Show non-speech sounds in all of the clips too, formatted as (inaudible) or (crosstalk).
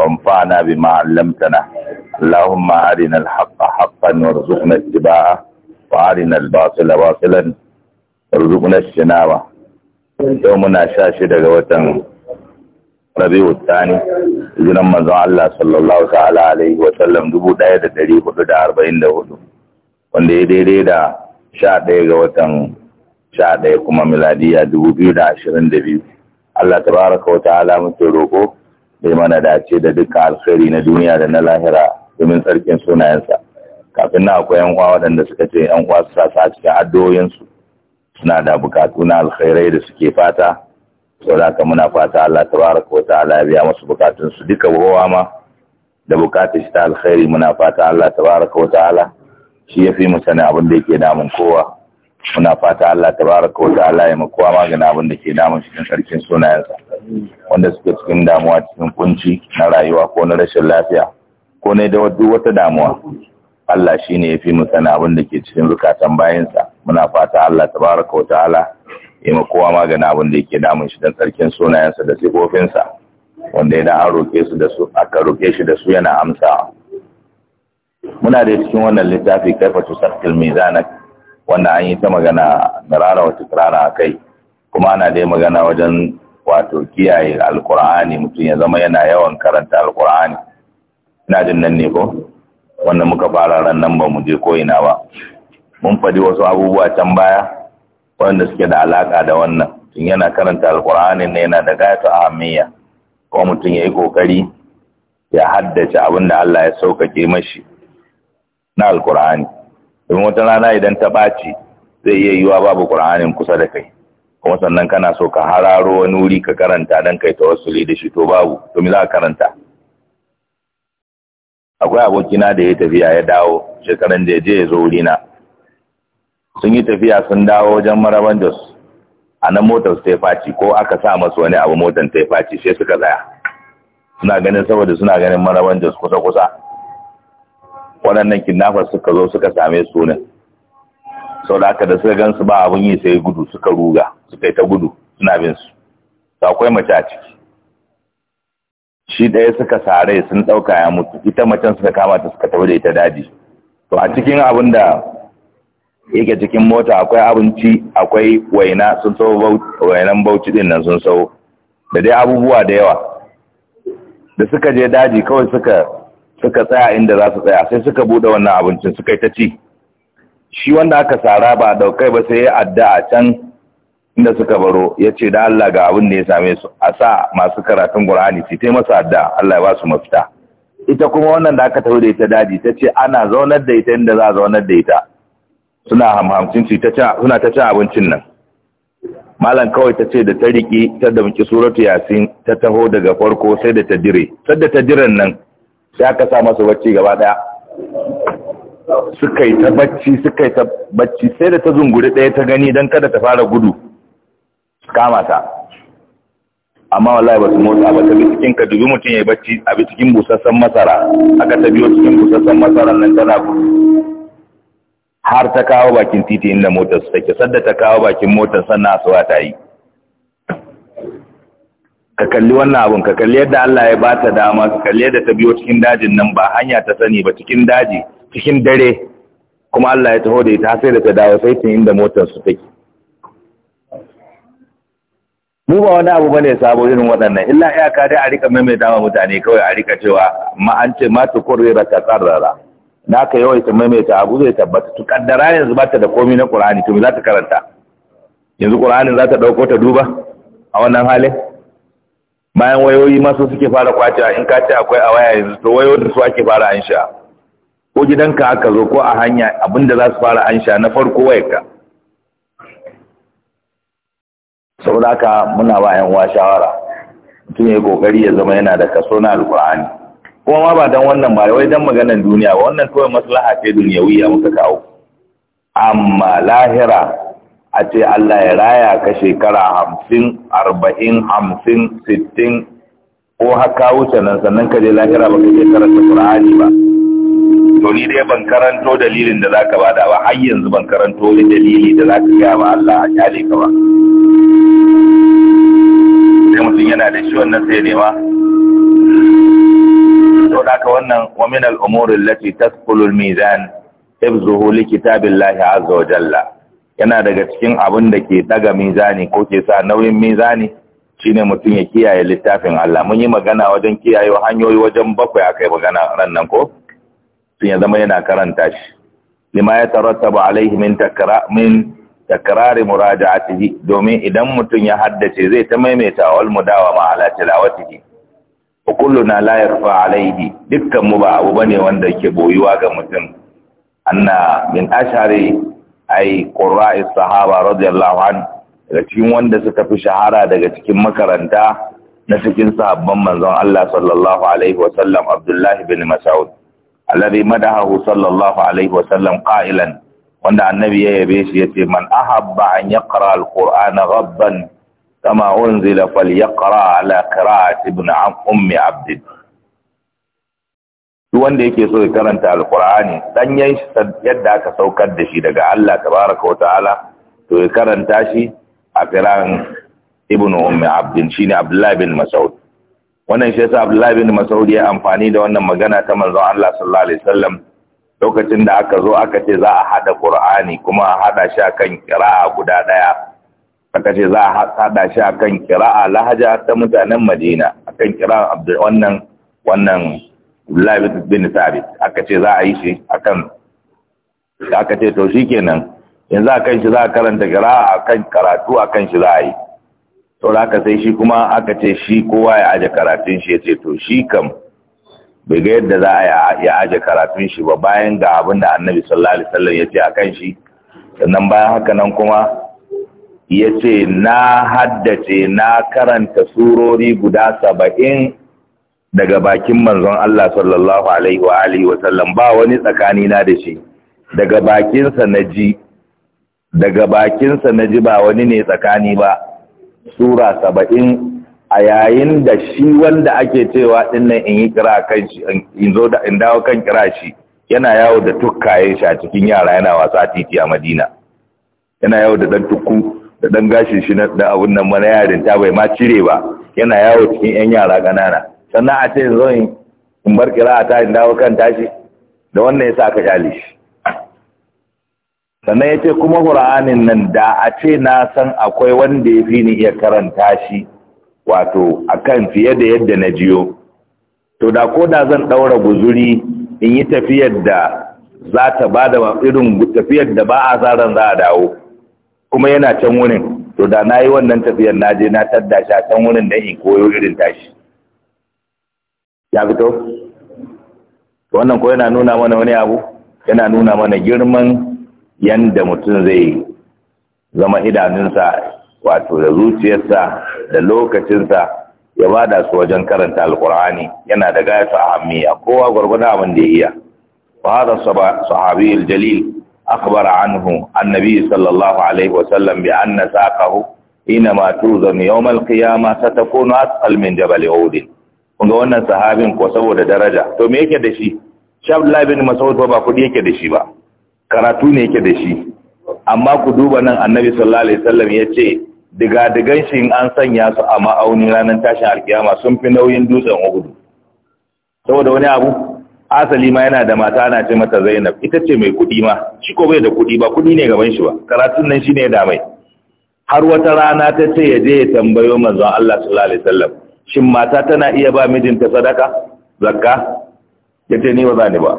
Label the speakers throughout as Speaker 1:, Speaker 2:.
Speaker 1: وانفعنا بما علمتنا اللهم أرنا الحق حقا وارزقنا اتباعه وأرنا الباطل باطلا وارزقنا اجتنابه يومنا شاشد وتن ربيع الثاني hijiran manzon Allah sallallahu ta'ala alaihi wa sallam 1444 wanda ya daidai da 11 ga watan 11 kuma miladiya 2022 Allah tabaraka wa ta'ala muke roko da mana dace da duka alkhairi na duniya da na lahira domin tsarkin sunayensa kafin na akwai yan uwa waɗanda suka ce yan uwa su sa a cikin addu'o'insu suna da bukatu na alkhairai da suke fata da haka muna fata Allah ta wa ta'ala ala biya musu bukatunsu duka kowa ma da bukatun shi ta alkhairi muna fata Allah ta ko ta ala? shi ya fi mu sani abin da yake damun kowa muna fata Allah ta ko ta ala ya mu kowa maganin abin da ke damun cikin sarkin sunayensa wanda suke cikin damuwa cikin kunci na rayuwa ko na rashin lafiya ko ne da wata damuwa Allah shi ne ya fi mu sana abin da ke cikin zukatan bayansa muna fata Allah ta baraka wa ala ya ma kowa magana abin da yake damun shi don tsarkin sunayensa da sifofinsa wanda idan an roƙe su da su aka roƙe shi da su yana amsa muna da cikin wannan littafi kaifa mai zana wanda an yi ta magana rara wata a kai kuma ana dai magana wajen wato kiyaye alkur'ani mutum ya zama yana yawan karanta alkur'ani ina jin nan ne ko wanda muka fara ran nan ba mu je ko ina ba mun faɗi wasu abubuwa can baya wanda suke da alaka da wannan tun yana karanta alkur'ani ne yana da gayatu ahamiyya ko mutum ya yi kokari ya haddace abin da Allah ya sauƙaƙe mashi na alkur'ani domin wata rana idan ta ɓaci zai iya yiwa babu kur'anin kusa da kai kuma sannan kana so ka hararo wani wuri ka karanta don kai ta wasu da shi to babu to me za ka karanta akwai abokina da ya tafiya ya dawo shekaran da je ya zo wurina sun yi tafiya sun dawo wajen maraban jos a nan motar ta faci ko aka sa masu wani abu motar ta faci sai suka tsaya suna ganin saboda suna ganin maraban jos kusa-kusa waɗannan kidnappers suka zo suka same su nan sau da aka da suka gansu ba abin yi sai gudu suka ruga suka yi ta gudu suna bin su ta akwai mace a ciki shi ɗaya suka sare sun ɗauka ya mutu ita macen suka kama ta suka tafi da ita daji to a cikin abin da yake cikin mota akwai abinci akwai waina sun sau wainan bauchi din nan sun sau da dai abubuwa da yawa da suka je daji kawai suka suka tsaya inda za su tsaya sai suka buɗe wannan abincin suka yi ta ci shi wanda aka tsara ba daukai ba sai ya adda a can inda suka baro ya ce da Allah ga abin da ya same su a sa masu karatun Qur'ani su ta masa adda Allah ya ba su mafita ita kuma wannan da aka taho da ita daji ta ce ana zaunar da ita inda za a zaunar da ita suna hamhamcin suna ta cin abincin nan malam kawai ta ce da ta riƙi ta muke suratu yasin ta taho daga farko sai da ta dire sai da ta diren nan sai aka sa masa bacci gaba daya suka yi ta bacci suka yi ta bacci sai da ta zunguri ɗaya ta gani don kada ta fara gudu su kama ta amma wallahi ba su motsa ba ta bi cikin ka dubi mutum ya yi bacci a bi cikin busassan masara aka ta biyo cikin busassan masaran nan tana har ta kawo bakin titi inda motar su take sadda ta kawo bakin motar sannan suwa ta yi ka kalli wannan abun ka kalli yadda Allah ya bata dama ka kalli yadda ta biyo cikin dajin nan ba hanya ta sani ba cikin daji cikin dare kuma Allah ya taho da ita sai da ta dawo sai ta inda motar su take mu ba wani abu bane sabo irin waɗannan illa iyaka dai a rika maimaita wa mutane kawai a rika cewa ma an ce ma tukurrira ka tsarrara na ka yawaita maimaita abu zai tabbata to kaddara yanzu ba ta da komai na Qur'ani to me za ta karanta yanzu Qur'anin za ta dauko ta duba a wannan halin bayan wayoyi masu suke fara kwacewa in ka ce akwai a waya yanzu to da su ake fara an sha ko gidanka aka zo ko a hanya abinda za su fara an na farko ka saboda haka muna ba yan uwa shawara mutum ya yi kokari ya zama yana da kaso na alkur'ani kuma ma ba dan wannan ba wai dan maganar duniya ba wannan kawai maslaha ce duniyawiya muka kawo amma lahira a ce Allah ya raya ka shekara hamsin arba'in hamsin sittin ko haka wuce nan sannan ka je lahira ba ka je karanta Qur'ani ba to ni dai ban karanto dalilin da za ka ba da ba, har yanzu ban karanto wani dalili da zaka ga ma Allah a kyale ka ba sai mutum yana da shi wannan sai ne to da ka wannan wa min al-umuri allati tasqulu al-mizan ibzuhu li kitabillahi azza wa jalla yana daga cikin abin da ke daga mizani ko ke sa nauyin mizani shine mutum ya kiyaye littafin Allah mun yi magana wajen kiyaye hanyoyi wajen bakwai akai magana ran nan ko sun ya zama yana karanta shi lima ya tarattaba alaihi min takra min takrari muraja'atihi domin idan mutum ya haddace zai ta maimaita wal mudawama ala tilawatihi wa kulluna la yarfa alaihi dukkan mu ba abu bane wanda ke boyuwa ga mutum anna min ashari ai qurra'is sahaba radiyallahu anhu daga cikin wanda suka fi shahara daga cikin makaranta na cikin sahabban manzon Allah sallallahu alaihi wa sallam Abdullah ibn Mas'ud alladhi madahahu sallallahu alaihi wa sallam qailan wanda annabi ya yabe shi yace man ahabba an yaqra al-qur'ana ghabban kama unzila falyaqra ala qira'ati ibn ummi abd duk wanda yake so ya karanta alkur'ani yayin shi yadda aka saukar da shi daga Allah tabaraka wa ta'ala to ya karanta shi a firan ibnu ummi abdin shine abdullahi bin mas'ud wannan shi yasa abdullahi bin mas'ud ya amfani da wannan magana ta manzo Allah sallallahu alaihi wasallam lokacin da aka zo aka ce za a hada qur'ani kuma a hada shi akan qira'a guda daya aka ce za a hada shi akan qira'a lahaja ta mutanen Madina akan qira'a wannan wannan Abdullahi bin Thabit aka ce za a yi shi akan aka ce to shikenan yanzu akan shi za a karanta gara akan karatu akan shi za a yi to aka sai shi kuma aka ce shi kowa ya aje karatun shi ya ce to shi kam bai ga yadda za a ya aje karatun shi ba bayan ga abin da Annabi sallallahu alaihi wasallam ya ce akan shi sannan bayan haka nan kuma yace na haddace na karanta surori guda saba'in daga bakin manzon Allah sallallahu alaihi wa alihi wa sallam ba wani tsakani na da shi daga bakinsa naji daga bakinsa naji ba wani ne tsakani ba sura 70 a yayin da shi wanda ake cewa dinnan in yi kira kan shi in zo da in dawo kan kira shi yana yawo da tukkayen shi a cikin yara yana wasa a titi a Madina yana yawo da dan tukku da dan gashin shi na abun nan mana yarin ta bai ma cire ba yana yawo cikin yan yara ganana. sannan a ce zo in bar kira ta dawo kan tashi da wannan yasa aka shali shi sannan ya ce kuma ƙura'anin nan da a ce na san akwai wanda ya fi ni iya karanta shi wato akan fiye da yadda na jiyo to da ko da zan ɗaura guzuri in yi tafiyar da za ta ba da irin tafiyar da ba a tsarin za a dawo kuma yana can wurin to da na yi wannan tafiyar na je na tadda shi a can wurin da in koyo irin tashi ya fito wannan ko yana nuna mana wani abu yana nuna mana girman yanda mutum zai zama idanunsa wato da zuciyarsa da lokacinsa ya bada su wajen karanta alkur'ani yana da a ahammiya kowa gwargwadon abin da ya iya وهذا الصحابي الجليل أخبر عنه النبي صلى الله عليه وسلم بأن ساقه إنما توزن يوم القيامة ستكون أثقل من جبل عود Kunga ga wannan sahabin ko saboda daraja to me yake da shi shabla bin masaud ba kudi yake da shi ba karatu ne yake da shi amma ku duba nan Annabi sallallahu alaihi wasallam yace diga digan shi in an sanya su a ma'auni ranar tashin alkiyama sun fi nauyin dutsen Uhud saboda wani abu asali ma yana da mata ana ce mata Zainab ita ce mai kudi ma shi ko bai da kudi ba kudi ne gaban shi ba karatun nan shine da mai har wata rana ta ce ya je ya tambayo manzon Allah sallallahu alaihi wasallam shin mata tana iya ba mijinta sadaka zakka ya ce ni ba za ni ba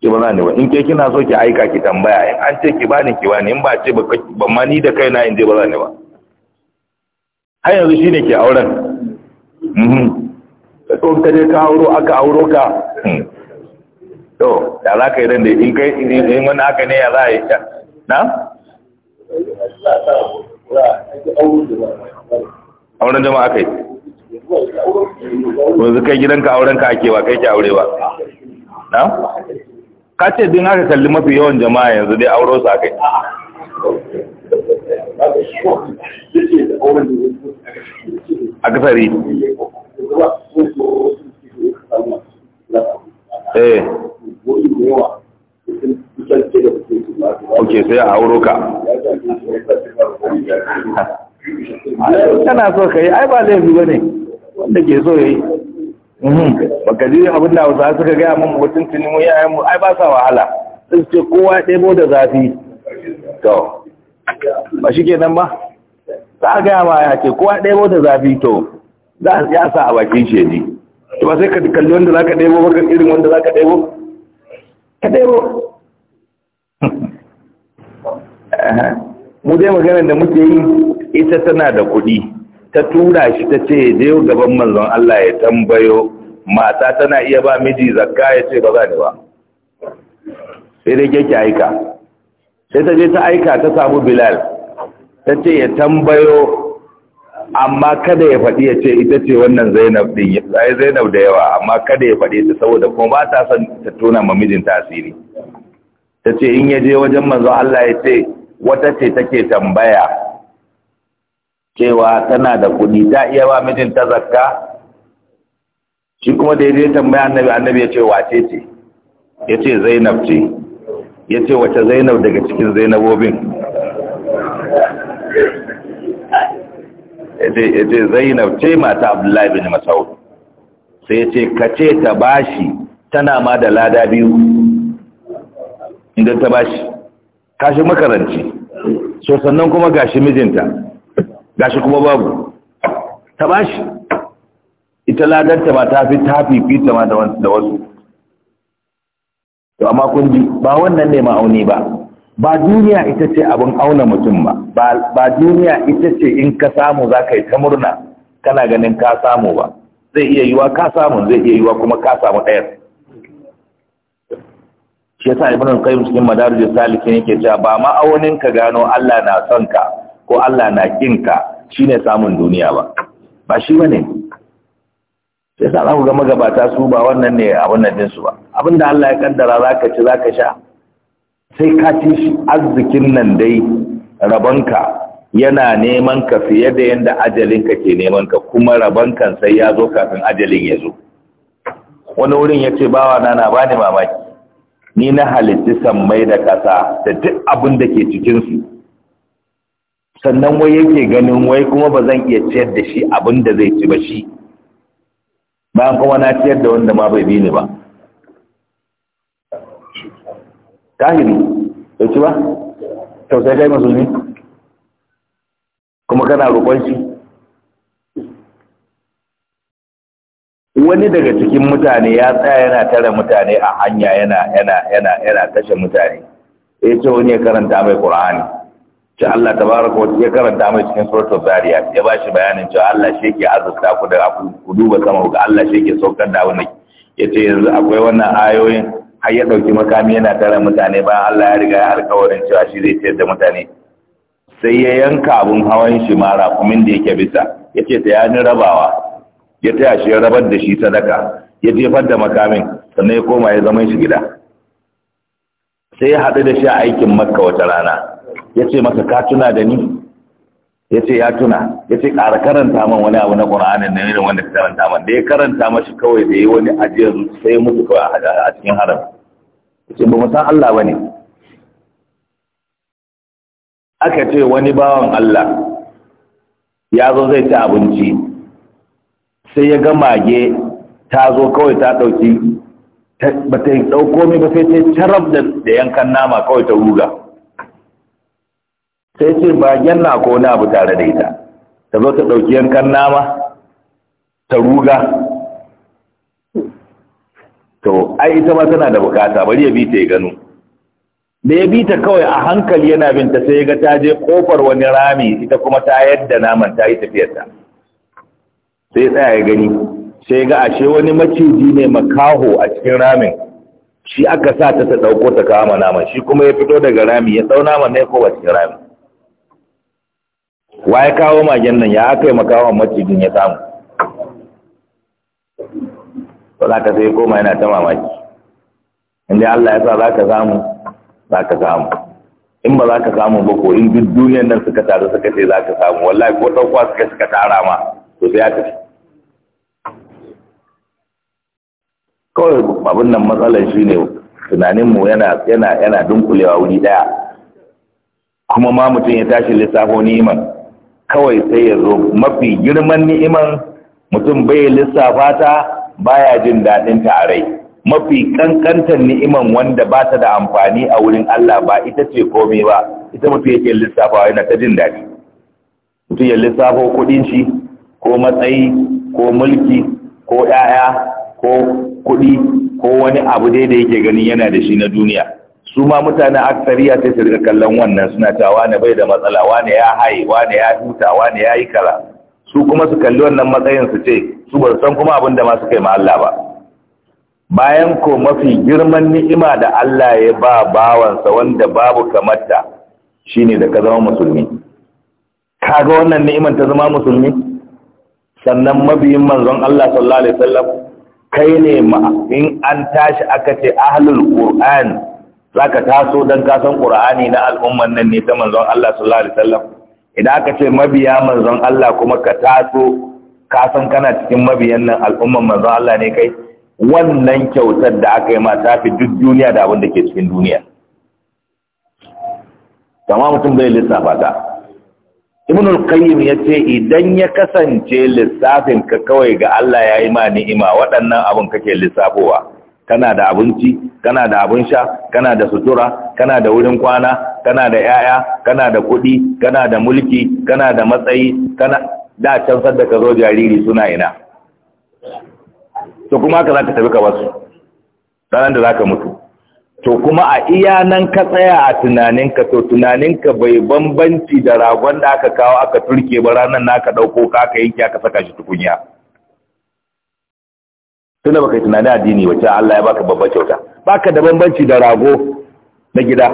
Speaker 1: ki ba za ni ba in ke kina so ki aika ki tambaya in an ce ki bani ki bani in ba ce ba ma ni da kaina in je ba za ni ba har yanzu shine ke auren mhm. to ka je ka auro aka auro ka hmm. to da za ka yi dan da in kai in wani aka ne ya za a yi na? auren jama'a kai wanzu kai gidanka aurenka ake ba kai ke aure ba na? ka ce din haka kalli mafi yawan jama'a yanzu dai auro su akai a kasari eh ok sai a auro ka tana so ka yi ai ba laifi ba ne wanda ke so ya yi mhm. baka ji abin da wasu suka gaya mun mutum tuni yi yayan mu ai ba sa wahala sun ce kowa ya ɗebo da zafi to ba shi kenan ba za a gaya ma ya ce kowa ya ɗebo da zafi to za ya sa a bakin shedi to ba sai ka kalli wanda za ka ɗebo ba irin wanda za ka ɗebo ka ɗebo (laughs) mu dai maganar da muke yi ita tana da kuɗi ta tura shi ta ce je gaban manzon Allah ya tambayo mata tana iya ba miji zakka ya ce ba za ni ba sai dai yake aika sai ta je ta aika ta samu Bilal ta ce ya tambayo amma kada ya faɗi ya ce ita ce wannan Zainab din sai Zainab da yawa amma kada ya faɗi ta saboda kuma ba ta son ta tona ma mijin tasiri ta ce in ya je wajen manzon Allah ya ce wata ce take tambaya cewa tana da kuɗi ta iya ba mijin ta zakka shi kuma da ya tambaya annabi annabi ya ce wace ce ya ce zainab ce ya ce wace zainab daga cikin zainabobin ya ce zainab ce mata abdullahi bin masaud sai ya ce ka ce ta bashi tana ma da lada biyu inda ta bashi kashi makaranci so sannan kuma gashi mijinta gashi kuma babu ta bashi ita ladarta ba ta fi ta fifita ma da wasu to amma kun ji ba wannan ne ma'auni ba ba duniya ita ce abin auna mutum ba ba duniya ita ce in ka samu za ka yi ta murna kana ganin ka samu ba zai iya yiwa ka samu zai iya yiwa kuma ka samu ɗayar shi yasa ibnu qayyim cikin ya salikin yake cewa ba ma'aunin ka gano Allah na son ka ko Allah na kin ka shine samun duniya ba ba shi bane sai yasa zaku ga magabata su ba wannan ne a wannan din su ba abinda Allah ya kaddara zaka ci zaka sha sai ka ci shi arzikin nan dai rabonka yana neman ka fiye da yanda ajalin ka ke neman ka kuma kan sai ya zo kafin ajalin ya zo wani wurin ya ce bawa na na bani mamaki ni na halitti sammai da ƙasa da duk abin da ke cikinsu sannan wai yake ganin wai kuma ba zan iya ciyar da shi abin da zai ci ba shi bayan kuma na ciyar da wanda ma bai bi ni ba kahiri bai ci ba tausayi kai ne kuma kana roƙon shi wani daga cikin mutane ya tsaya yana tare mutane a hanya yana yana yana yana kashe mutane ya ce wani ya karanta mai qur'ani ce Allah tabaraka wa ya karanta mai cikin suratul zariyat ya bashi bayanin cewa Allah shi ke azurta ku da ku duba sama ga Allah shi ke saukar da wani yace yanzu akwai wannan ayoyin har ya dauki makami yana tare mutane Ba Allah ya riga ya alƙawarin cewa shi zai ce da mutane sai ya yanka abun hawan shi mara kumin da yake bisa yace ta yani rabawa ya taya shi ya rabar da shi sadaka ya jefar da makamin sannan ya koma ya zama shi gida sai ya haɗu da shi a aikin makka wata rana ya ce masa ka tuna da ni ya ce ya tuna ya ce ƙara karanta man wani abu na ƙura'anin na irin wanda karanta man da ya karanta mashi kawai da ya yi wani ajiyar sai ya mutu kawai a cikin haram ya ce ba mu san Allah ba ne aka ce wani bawan Allah ya zo zai ci abinci sai ya ga mage ta zo kawai ta ɗauki ba ta yi ɗauko mai ba sai ta carab da yankan nama kawai ta ruga sai ce ba na ko na abu tare da ita ta zo ta ɗauki yankan nama ta ruga to ai ita ma tana da bukata bari ya bi ta ya gano da ya bi ta kawai a hankali yana binta sai ya ga ta je kofar wani rami ita kuma ta yadda naman ta yi tafiyarta sai tsaya ya gani sai ga ashe wani maciji ne makaho a cikin ramin shi aka sa ta ta dauko ta kama naman shi kuma ya fito daga rami ya ɗau naman ne ko a cikin rami wa ya kawo magen nan ya aka yi makawon macijin ya samu ba za ka sai koma yana ta mamaki inda Allah ya sa za ka samu za ka samu in ba za ka samu ba ko in duk duniyan nan suka taru suka ce za ka samu wallahi ko ɗauka suka shiga tara ma to sai ya tafi kawai abin nan matsalar shi ne tunaninmu yana dunkulewa wuri daya kuma ma mutum ya tashi lissafo ni'iman kawai sai ya zo mafi girman ni'iman mutum bai lissafa ta baya jin daɗin ta a rai mafi kankantar ni'iman wanda ba ta da amfani a wurin Allah ba ita ce komai ba ita mutum yake lissafa yana ta jin daɗi mutum ya lissafo kuɗin shi ko matsayi ko mulki ko 'ya'ya ko kuɗi ko wani abu dai da yake ganin yana da shi na duniya su ma mutane aksariya sai su riƙa kallon wannan suna ta wane bai da matsala wane ya haye wane ya huta wane ya yi kaza su kuma su kalli wannan matsayin su ce su ba san kuma abin da ma suka yi ma Allah ba bayan ko mafi girman ni'ima da Allah ya ba bawansa wanda babu kamarta shine da ka zama musulmi kaga wannan ni'imar ta zama musulmi sannan mabiyin manzon Allah sallallahu alaihi wasallam kai ne in an tashi aka ce ahlul qur'an zaka taso don ka san qur'ani na al'umman nan ne ta manzon Allah sallallahu alaihi wasallam idan aka ce mabiya manzon Allah kuma ka taso kasan kana cikin mabiyan nan al'umman manzon Allah ne kai wannan kyautar da aka yi ma tafi duk duniya da abin da ke cikin duniya. Tama mutum zai lissafa ta, ibn al ya ce idan ya kasance lissafin ka kawai ga Allah ya yi ma ni'ima waɗannan abun kake lissafowa kana da abinci kana da abin sha kana da sutura kana da wurin kwana kana da yaya kana da kuɗi kana da mulki kana da matsayi kana da can sadda ka zo jariri suna ina to kuma ka za ka tafi ka basu ranar da za ka mutu to kuma a iya nan ka tsaya a tunaninka to tunaninka bai bambanci da ragon da aka kawo aka turke ba ranar na ka ɗauko ka aka yanke aka saka shi tukunya tunda baka yi addini wacce Allah ya baka babbar kyauta baka da bambanci da rago na gida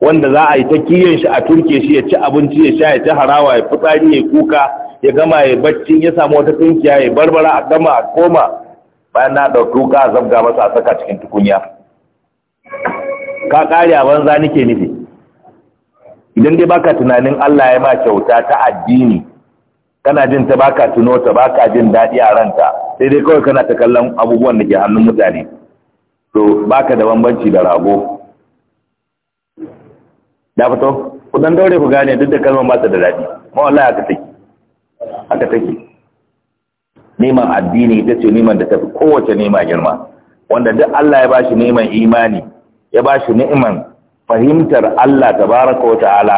Speaker 1: wanda za a yi ta kiyon shi a turke shi ya ci abinci ya sha ya ci harawa ya fitsari ya kuka ya gama ya bacci ya samu wata tunkiya ya barbara a gama a koma bayan na dauka a zabga masa a saka cikin tukunya ka kare a banza nake nufi idan dai baka tunanin Allah ya ma kyauta ta addini kana jin ta baka tuno ta baka jin daɗi a ranta sai dai kawai kana ta kallon abubuwan da ke hannun mutane to baka da bambanci da rago da fito ku dan daure ku gane duk da kalmar ba ta da daɗi ma wallahi aka take aka take neman addini ita ce neman da ta fi kowace nema girma wanda duk Allah ya bashi neman imani ya ba shi ni'iman fahimtar Allah tabaraka wa ta'ala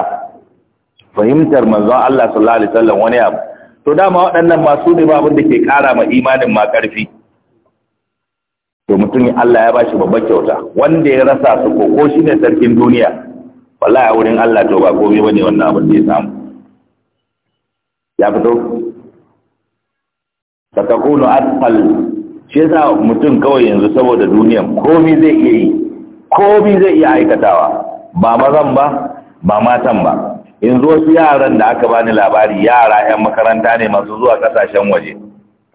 Speaker 1: fahimtar manzon Allah sallallahu alaihi wasallam wani abu to dama waɗannan masu ne ba abin da ke ƙara ma imanin ma ƙarfi to mutum Allah ya ba shi babbar kyauta wanda ya rasa su ko ko shine sarkin duniya wallahi a wurin Allah to ba komai bane wannan abin da ya samu ya fito fatakunu asfal shi yasa mutum kawai yanzu saboda duniyan komai zai iya yi komi zai iya aikatawa ba mazan ba ba matan ba yanzu wasu yaran da aka bani labari yara 'yan makaranta ne masu zuwa kasashen waje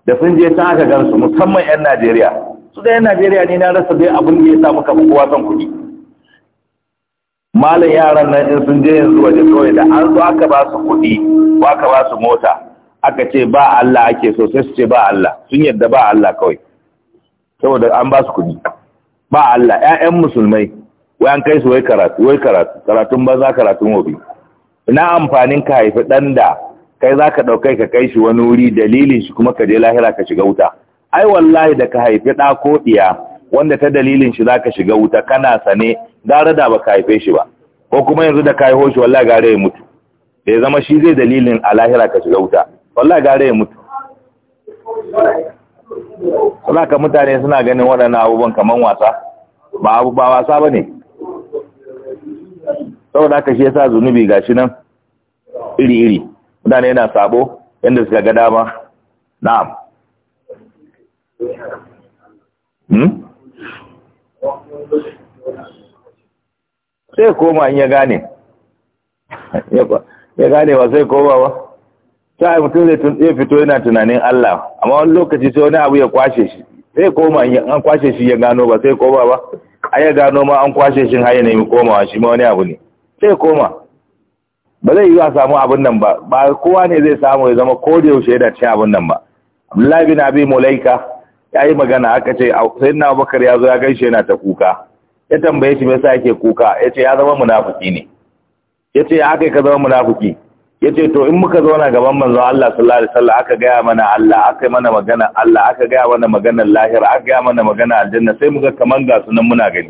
Speaker 1: da sun je ta aka gansu musamman 'yan najeriya su da 'yan najeriya ne na rasa dai abin da ya samu kafin kowa son kuɗi malam yaran nan in sun je yanzu waje kawai da an zo aka ba su kuɗi ko aka ba su mota aka ce ba Allah ake so sai su ce ba Allah sun yadda ba Allah kawai saboda an ba su kuɗi ba Allah ƴaƴan musulmai wai an kai su wai karatu wai karatu karatun banza karatun wobi ina amfanin ka haifi ɗan da kai za ka ɗaukai ka kai shi wani wuri dalilin shi kuma ka je lahira ka shiga wuta ai wallahi da ka haifi ɗa ko ɗiya wanda ta dalilin shi za ka shiga wuta kana sane gara da ba ka haife shi ba ko kuma yanzu da ka haiho shi wallahi gara ya mutu da ya zama shi zai dalilin a lahira ka shiga wuta wallahi gara ya mutu ka mutane suna ganin waɗannan abubuwan kamar wasa ba abu ba wasa ba ne saboda aka shi ya sa zunubi ga shi nan iri-iri mutane yana sabo yadda suka ga dama na'am hmm? sai koma in ya gane (laughs) ya gane ba sai koma ba ta mutum zai fito yana tunanin Allah amma wani lokaci sai wani abu ya kwashe shi sai koma an kwashe shi ya gano ba sai koma ba a ya gano ma an kwashe shi har ya yi komawa shi ma wani abu ne sai koma ba zai yi a samu abin nan ba ba kowa ne zai samu ya zama ko da yaushe yana cin abin nan ba Abdullahi bin Abi Mulaika ya yi magana aka ce sayyidina Abubakar ya zo ya gaishe yana ta kuka ya tambaye shi me yasa yake kuka yace ya zama munafiki ne yace ya kai ka zama munafiki ya ce to in muka zauna gaban manzo Allah sallallahu alaihi wasallam aka gaya mana Allah aka yi mana magana Allah aka gaya mana magana lahira aka gaya mana magana aljanna sai muga kaman ga sunan muna gani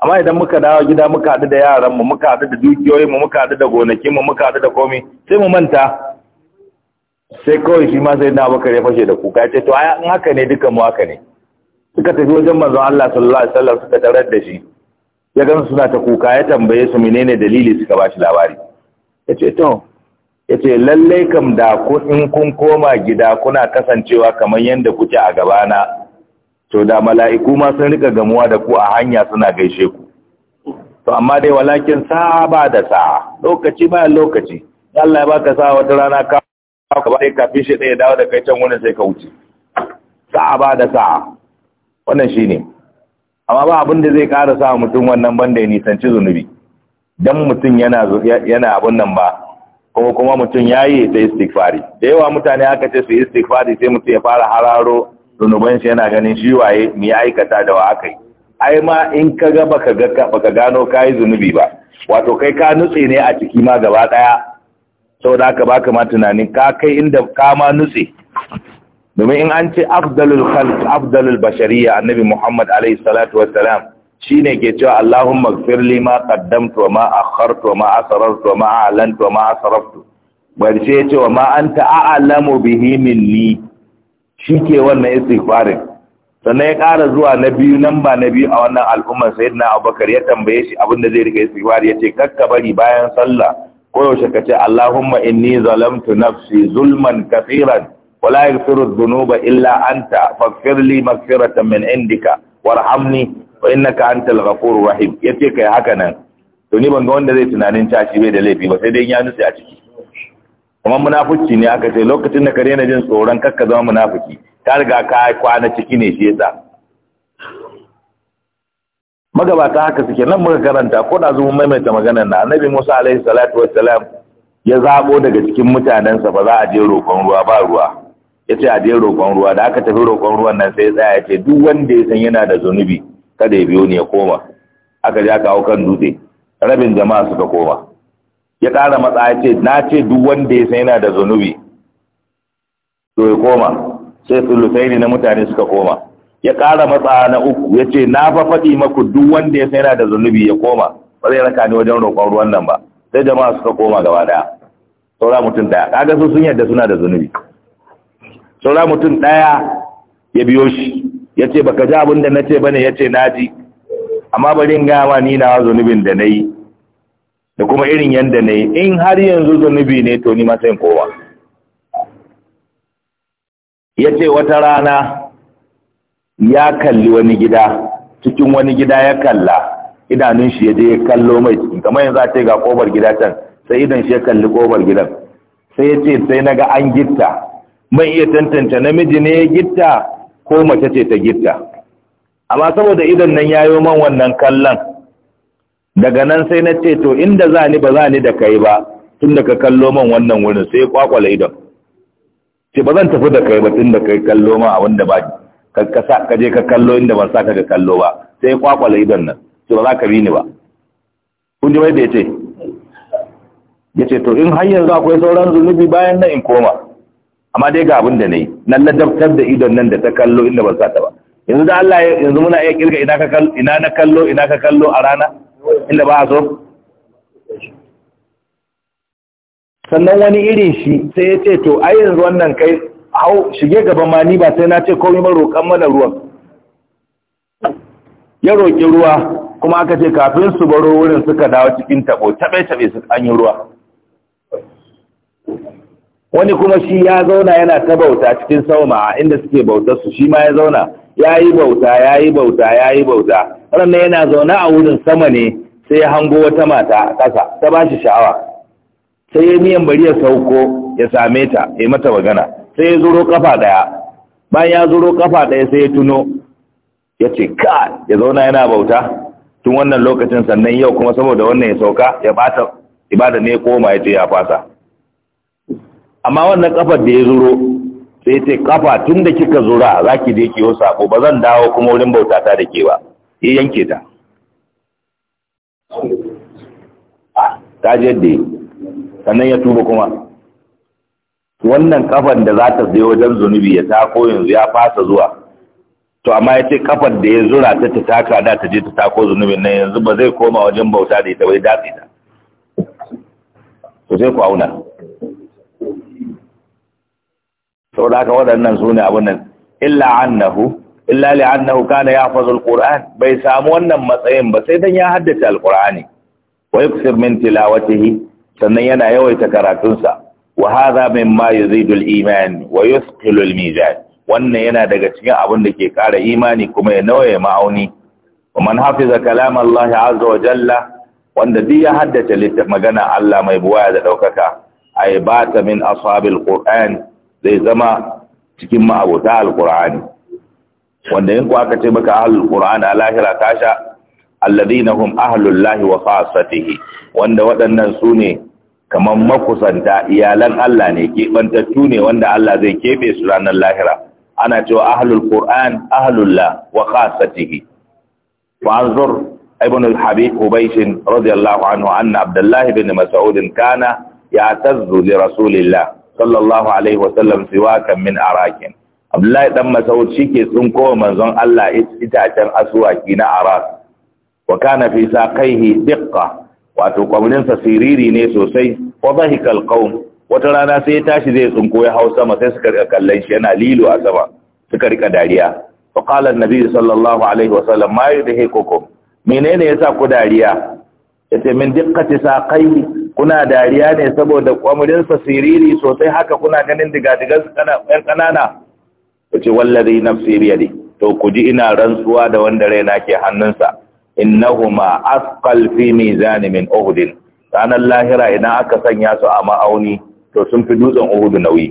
Speaker 1: amma idan muka dawo gida muka haɗu da yaranmu muka haɗu da mu muka haɗu da gonakinmu muka haɗu da komai sai mu manta sai kawai shi ma sai na bakare fashe da kuka ce to ai in haka ne dukan mu haka ne suka tafi wajen manzo Allah sallallahu alaihi wasallam suka tarar da shi ya gan suna ta kuka ya tambaye su menene dalili suka ba shi labari Ya ce to ya ce lallai kam da in kun koma gida kuna kasancewa kamar yadda kuke a gabana to da mala'iku ma sun rika gamuwa da ku a hanya suna gaishe ku to amma dai walakin sa'a ba da sa'a lokaci ba lokaci Allah ya baka sa'a wata rana ka ka ba kafin shi ya dawo da kai can wani sai ka wuce sa'a ba da sa'a wannan shine amma ba abin da zai ƙara sa mutum wannan banda ya nisanci zunubi dan mutum yana yana abun nan ba kuma kuma mutum ya yi ta istighfari da yawa mutane aka ce su yi istighfari sai mutum ya fara hararo zunuban shi yana ganin shi waye mu ya aikata da wa aka yi ai ma in ka ga baka ga baka gano kai zunubi ba wato kai ka nutse ne a ciki ma gaba daya saboda haka baka ma tunanin ka kai inda ka ma nutse domin in an ce afdalul khalq afdalul bashariya annabi Muhammad alaihi salatu wassalam shine ke cewa Allahumma ighfir li ma qaddamtu wa ma akhartu wa ma asrartu wa ma wa ma bari sai ce wa ma anta bihi minni ke wannan istighfarin sannan ya ƙara zuwa na biyu nan ba na biyu a wannan al'ummar sayyidina Abubakar ya tambaye shi abin da zai rika istighfar ya ce kakka bari bayan sallah koyaushe ka ce Allahumma inni zalamtu nafsi zulman kafiran wala yaghfiru dhunuba illa anta faghfir li maghfiratan min indika warhamni wa innaka antal ghafurur rahim yace kai haka nan to ni ban ga wanda zai tunanin caci bai da laifi ba sai dai ya nutse a ciki kuma munafuci ne aka ce lokacin da ka daina jin tsoron kakka zama munafuki ka riga ka kwana ciki ne shi yasa magabata haka suke nan muka karanta ko da zuwa maimaita maganar na annabi Musa alaihi salatu wassalam ya zabo daga cikin mutanensa ba za a je roƙon ruwa ba ruwa ya ce a je roƙon ruwa da aka tafi roƙon ruwan nan sai ya tsaya ya ce duk wanda ya san yana da zunubi kada ya biyo ni ya koma aka ja kawo kan dutse rabin jama'a suka koma ya ƙara matsa ya ce na ce duk wanda ya yana da zunubi to ya koma sai sulusai ne na mutane suka koma ya ƙara matsa na uku ya ce na fa faɗi maku duk wanda ya yana da zunubi ya koma ba zai raka ni wajen roƙon ruwan nan ba sai jama'a suka koma gaba ɗaya saura mutum ɗaya kaga su sun yadda suna da zunubi saura mutum ɗaya ya biyo shi ya ce baka ji abin da na ce bane ya ce na ji amma bari in gama ni na zunubin da na yi da kuma irin yadda na yi in har yanzu zunubi ne to ni matsayin kowa ya ce wata rana ya kalli wani gida cikin wani gida ya kalla idanun shi ya je ya kallo mai cikin kamar yanzu a ce ga kobar gida can sai idan shi ya kalli kobar gidan sai ya ce sai na ga an gitta mai iya tantance namiji ne ya gitta ko mace ce ta gifta. amma saboda idan nan yayo man wannan kallon daga nan sai na ce to inda za ni ba za ni da kai ba tun da ka kallo man wannan wurin sai kwakwala idan ce ba zan tafi da kai ba tun da kai kallo ma a wanda ba ka je ka kallo inda ban sa ka ga kallo ba sai kwakwala idan nan ce ba za ka bi ni ba kun ji mai da ya ce ya ce to in hanyar za akwai sauran zunubi bayan nan in koma amma dai ga abin da na yi na ladabtar da idon nan da ta kallo inda ban sa ta ba yanzu da Allah yanzu muna iya kirga ina ka kallo ina na kallo ina ka kallo a rana inda ba a so sannan wani irin shi sai ya ce to ai yanzu wannan kai hau shige gaban ma ni ba sai na ce komai ba roƙan mana ruwan ya roƙi ruwa kuma aka ce kafin su baro wurin suka dawo cikin tabo tabe tabe su an ruwa wani kuma shi ya zauna yana ta bauta cikin sauma inda suke bautar su shi ma ya zauna ya yi bauta ya yi bauta ya yi bauta ranar yana zaune a wurin sama ne sai ya hango wata mata a ƙasa ta ba shi sha'awa sai ya miyan bari ya sauko ya same ta ya mata magana sai ya zuro kafa ɗaya bayan ya zuro kafa ɗaya sai ya tuno ya ce ka ya zauna yana bauta tun wannan lokacin sannan yau kuma saboda wannan ya sauka ya bata ibada ne koma ya ce ya fasa amma wannan kafar da ya zuro sai ce kafa tun da kika zura za ki je yau sako ba zan dawo kuma wurin bautata da ke ba ya yanke ta ta jadde sannan ya tuba kuma wannan kafar da za ta zai wajen zunubi ya tako yanzu ya fasa zuwa to amma ya ce kafar da ya zura ta ta taka da ta je ta tako zunubin nan yanzu ba zai koma wajen bauta da ita bai datse ta to sai ku auna saboda haka waɗannan su ne abin nan illa annahu illa li kana yahfazu alquran bai samu wannan matsayin ba sai dan ya haddace alqurani wa yaksir min tilawatihi sannan yana yawaita karatunsa wa hadha mimma yuzidu aliman wa yusqilu almizan wannan yana daga cikin abin da ke ƙara imani kuma ya nauye ma'auni wa man hafiza kalam Allah azza wa jalla wanda duk ya haddace littafin magana Allah mai buwaya da daukaka ay bata min ashabil qur'an zai zama cikin ma'abota alkur'ani wanda yin ku aka ce maka ahlul qur'ani a lahira kasha alladhina hum ahlul lahi wa khassatihi wanda waɗannan su ne kamar makusanta iyalan Allah ne keɓantattu ne wanda Allah zai kefe su ranar lahira ana cewa ahlul qur'an ahlul la wa khassatihi fanzur Ibn الحبيب حبيش رضي الله عنه أن عبد الله بن مسعود sallallahu alaihi wasallam siwakan min arakin abdullahi dan masaud shike tsinko manzon Allah itacen asuwaki na arak wa kana fi saqaihi diqqa wato kwamrin sa siriri ne sosai wa dhahika alqaum wata rana sai ya tashi zai tsinko ya hau sama sai suka rika kallon shi yana lilo a sama suka rika dariya fa qala annabi sallallahu alaihi wasallam ma yudhikukum menene yasa ku dariya yace min diqqati saqaihi kuna dariya ne saboda kwamirinsa siriri sosai haka kuna ganin digadigansu ɗan ƙanana ku ce wallari na siriya ne to ku ji ina rantsuwa da wanda raina ke hannunsa innahuma asqal fi mizani min uhudin ranar lahira idan aka sanya su a ma'auni to sun fi dutsen uhudu nauyi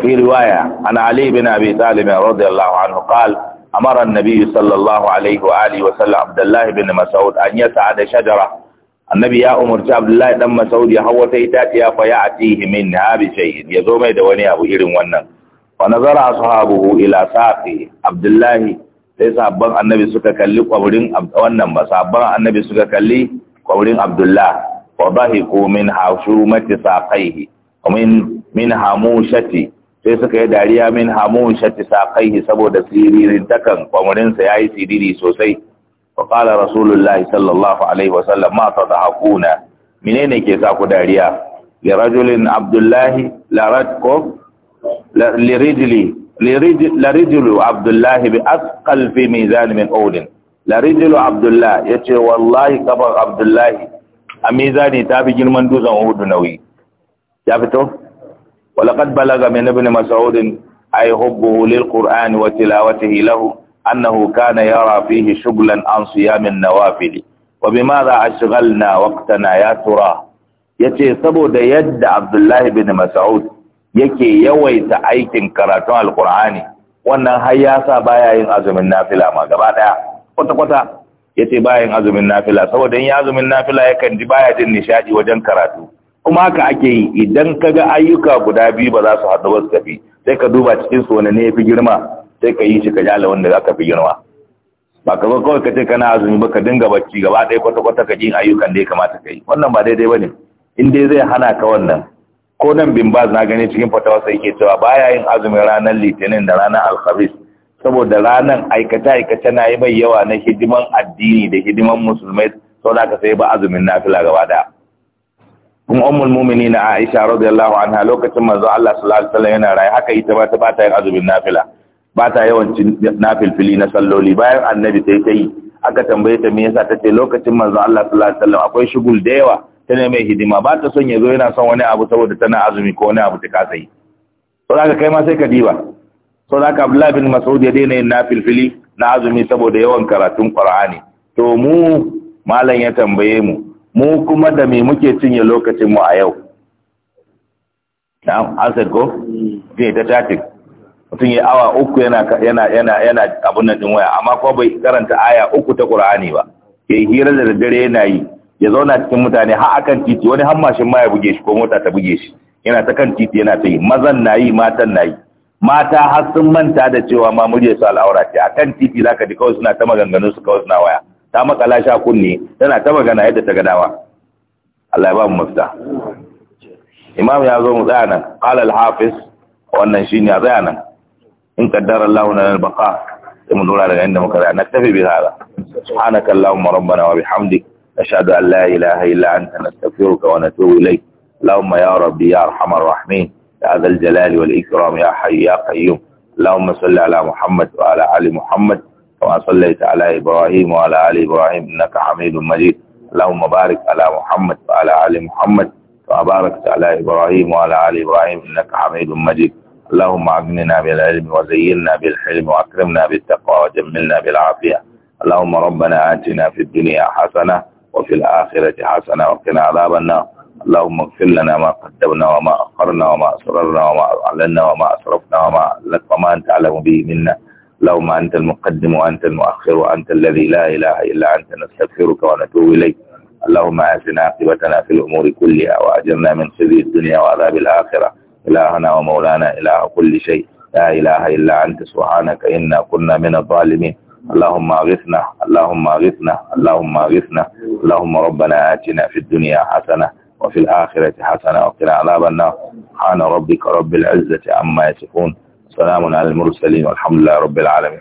Speaker 1: fi riwaya. ana ali bin abi talib رضي anhu qal amara an-nabiy sallallahu alayhi wa alihi wa sallam abdullah بن mas'ud an yata'ada shajara annabi ya umarci abdullahi dan masaudi ya hawa ta itaciya fa ya atihi min habi shay'in ya zo mai da wani abu irin wannan fa nazara ashabuhu ila saqi abdullahi sai sabban annabi suka kalli kwabrin wannan ba sabban annabi suka kalli kwabrin abdullah wa dahiku min hashumati saqaihi min min hamushati sai suka yi dariya min sa kai saƙaihi saboda siririn takan kwamurinsa ya yi siriri sosai فقال رسول الله صلى الله عليه وسلم ما تضحكون منين كيساكو داريا لرجل عبد الله لرجكو لرجلي لرجل لرجل عبد الله باثقل في ميزان من اول لرجل عبد الله يتي والله كبر عبد الله الميزان تابي جلمن دوزن اود نوي يافتو ولقد بلغ من ابن مسعود اي حبه للقران وتلاوته له أنه كان يرى فيه شغلا عن صيام النوافل وبماذا أشغلنا وقتنا يا ترى yace saboda yadda Abdullahi bin Mas'ud yake yawaita aikin karatun Alkur'ani wannan har ya sa baya yin azumin nafila ma gaba daya kwata kwata yace baya yin azumin nafila saboda in azumin nafila yakan ji baya jin nishadi wajen karatu kuma haka ake yi idan kaga ayyuka guda biyu ba za su haɗu ba su tafi sai ka duba cikin su wani ne fi girma sai ka yi shi ka jala wanda za ka fi girma ba ka zo kawai ka ce kana azumi ba ka dinga bacci gaba ɗaya kwata-kwata ka yin ayyukan da ya kamata ka yi wannan ba daidai ba ne in dai zai hana ka wannan ko nan bin baz na gani cikin fatawa sai ke cewa baya yin azumin ranar litinin da ranar alhamis saboda ranar aikace-aikace na yi mai yawa na hidiman addini da hidiman musulmai sau da aka sai ba azumin nafila gaba ɗaya. kuma ummul mu'minin na aisha radiyallahu anha lokacin manzo Allah sallallahu alaihi wasallam yana raye haka ita ba ta bata yin azumin nafila ba ta yawan nafilfili na salloli bayan annabi sai ta yi aka tambaye ta me yasa ta ce lokacin manzon Allah sallallahu alaihi wasallam akwai shugul da yawa tana mai hidima ba ta son ya zo yana son wani abu saboda tana azumi ko wani abu ta kasa yi to zaka kai ma sai ka diba to zaka Abdullah bin Mas'ud ya daina yin nafilfili na azumi saboda yawan karatun Qur'ani to mu malam ya tambaye mu mu kuma da me muke cinye lokacin mu a yau na'am asar ko mm. ta tatik mutum ya awa uku yana yana yana yana abun nan din waya amma ko bai karanta aya uku ta Qur'ani ba ke hira da dare yana yi ya zauna cikin mutane har akan titi wani har mashin ma ya buge shi ko mota ta buge shi yana ta kan titi yana ta yi mazan na yi matan na yi mata har sun manta da cewa ma murya su al'aura ce akan titi zaka ji kawai suna ta maganganu su kawai suna waya ta makala sha kunne tana ta magana yadda ta ga Allah ya ba mu mafita imam ya zo mu tsaya nan qala al-hafiz wannan shine ya tsaya nan إن قدر الله لنا البقاء من دون أن عندما كذا نكتفي بهذا سبحانك اللهم ربنا وبحمدك أشهد أن لا إله إلا أنت نستغفرك ونتوب إليك اللهم يا ربي يا أرحم الراحمين يا ذا الجلال والإكرام يا حي يا قيوم اللهم صل على محمد وعلى آل محمد كما صليت على إبراهيم وعلى آل إبراهيم إنك حميد مجيد اللهم بارك على محمد وعلى آل محمد كما باركت على إبراهيم وعلى آل إبراهيم إنك حميد مجيد اللهم أغننا بالعلم وزينا بالحلم وأكرمنا بالتقوى وجملنا بالعافية اللهم ربنا آتنا في الدنيا حسنة وفي الآخرة حسنة وقنا عذاب النار اللهم اغفر لنا ما قدمنا وما أخرنا وما أسررنا وما أعلنا وما أسرفنا وما وما أنت أعلم به منا اللهم أنت المقدم وأنت المؤخر وأنت الذي لا إله إلا أنت نستغفرك ونتوب إليك اللهم آسنا عاقبتنا في الأمور كلها وأجرنا من خزي الدنيا وعذاب الآخرة إلهنا ومولانا إله كل شيء لا إله إلا أنت سبحانك إنا كنا من الظالمين اللهم أغثنا اللهم أغثنا اللهم أغثنا اللهم ربنا آتنا في الدنيا حسنة وفي الآخرة حسنة وقنا عذاب النار سبحان ربك رب العزة عما يصفون سلام على المرسلين والحمد لله رب العالمين